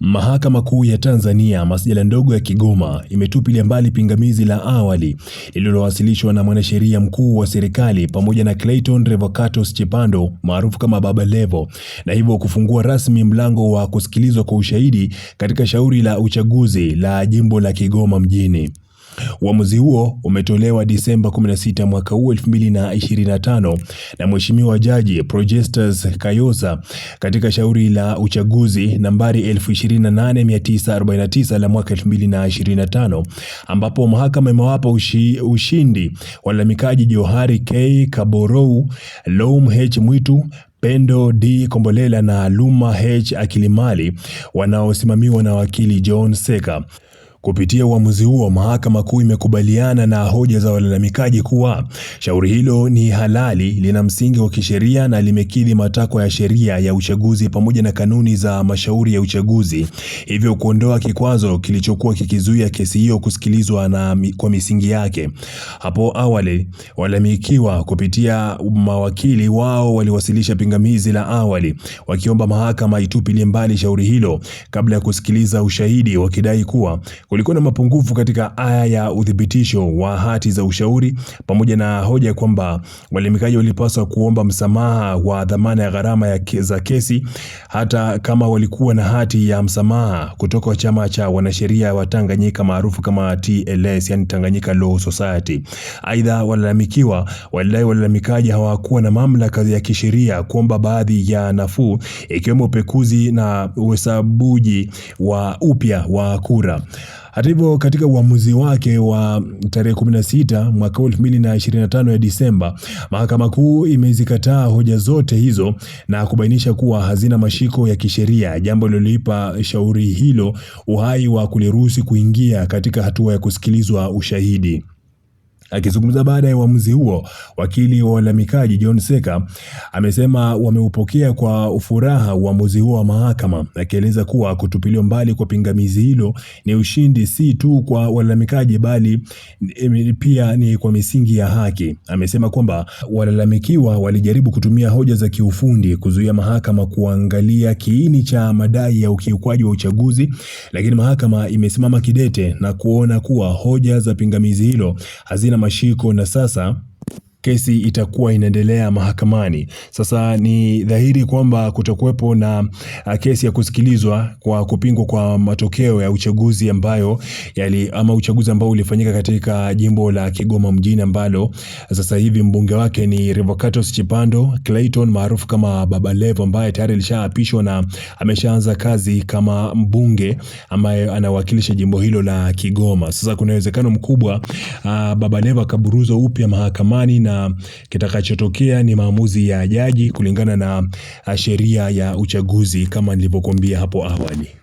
Mahakama Kuu ya Tanzania masjala ndogo ya Kigoma imetupilia mbali pingamizi la awali lililowasilishwa na mwanasheria mkuu wa serikali pamoja na Clayton Revocatus Chipando maarufu kama Baba Levo, na hivyo kufungua rasmi mlango wa kusikilizwa kwa ushahidi katika shauri la uchaguzi la jimbo la Kigoma mjini. Uamuzi huo umetolewa Disemba 16 mwaka huu 2025 na Mheshimiwa Jaji Projestus Kayoza katika shauri la uchaguzi nambari 28949 la mwaka 2025 ambapo mahakama imewapa ushi, ushindi walalamikaji Johari K Kaborou, Loum H Mwitu Pendo D Kombolela na Luma H Akilimali wanaosimamiwa na wakili John Seka. Kupitia uamuzi huo, mahakama kuu imekubaliana na hoja za walalamikaji kuwa shauri hilo ni halali, lina msingi wa kisheria na limekidhi matakwa ya sheria ya uchaguzi pamoja na kanuni za mashauri ya uchaguzi, hivyo kuondoa kikwazo kilichokuwa kikizuia kesi hiyo kusikilizwa na kwa misingi yake. Hapo awali, walalamikiwa kupitia mawakili wao waliwasilisha pingamizi la awali wakiomba mahakama itupilie mbali shauri hilo kabla ya kusikiliza ushahidi, wakidai kuwa Kulikuwa na mapungufu katika aya ya uthibitisho wa hati za ushauri pamoja na hoja kwamba walalamikaji walipaswa kuomba msamaha wa dhamana ya gharama za kesi hata kama walikuwa na hati ya msamaha kutoka chama cha wanasheria wa Tanganyika maarufu kama TLS, yani Tanganyika Law Society. Aidha, walalamikiwa walidai walalamikaji hawakuwa na mamlaka ya kisheria kuomba baadhi ya nafuu ikiwemo upekuzi na uhesabuji wa upya wa kura. Hata hivyo, katika uamuzi wake wa tarehe 16 mwaka 2025 ya Disemba, mahakama kuu imezikataa hoja zote hizo na kubainisha kuwa hazina mashiko ya kisheria, jambo lilolipa shauri hilo uhai wa kuliruhusi kuingia katika hatua ya kusikilizwa ushahidi. Akizungumza baada ya uamuzi huo, wakili wa walalamikaji John Seka amesema wameupokea kwa furaha uamuzi huo wa mahakama, akieleza kuwa kutupiliwa mbali kwa pingamizi hilo ni ushindi si tu kwa walalamikaji bali eh, pia ni kwa misingi ya haki. Amesema kwamba walalamikiwa walijaribu kutumia hoja za kiufundi kuzuia mahakama kuangalia kiini cha madai ya ukiukwaji wa uchaguzi, lakini mahakama imesimama kidete na kuona kuwa hoja za pingamizi hilo hazina na mashiko, na sasa kesi itakuwa inaendelea mahakamani. Sasa ni dhahiri kwamba kutakuwepo na ah, kesi ya kusikilizwa kwa kupingwa kwa matokeo ya uchaguzi ambayo yali, ama uchaguzi ambao ulifanyika katika jimbo la Kigoma mjini ambalo sasa hivi mbunge wake ni Revocatus Chipando Clayton maarufu kama Baba Levo ambaye tayari alishaapishwa na ameshaanza kazi kama mbunge ambaye anawakilisha jimbo hilo la Kigoma. Sasa kuna uwezekano mkubwa ah, Baba Levo akaburuzwa upya mahakamani na kitakachotokea ni maamuzi ya jaji kulingana na ah, sheria ya uchaguzi kama nilivyokuambia hapo awali.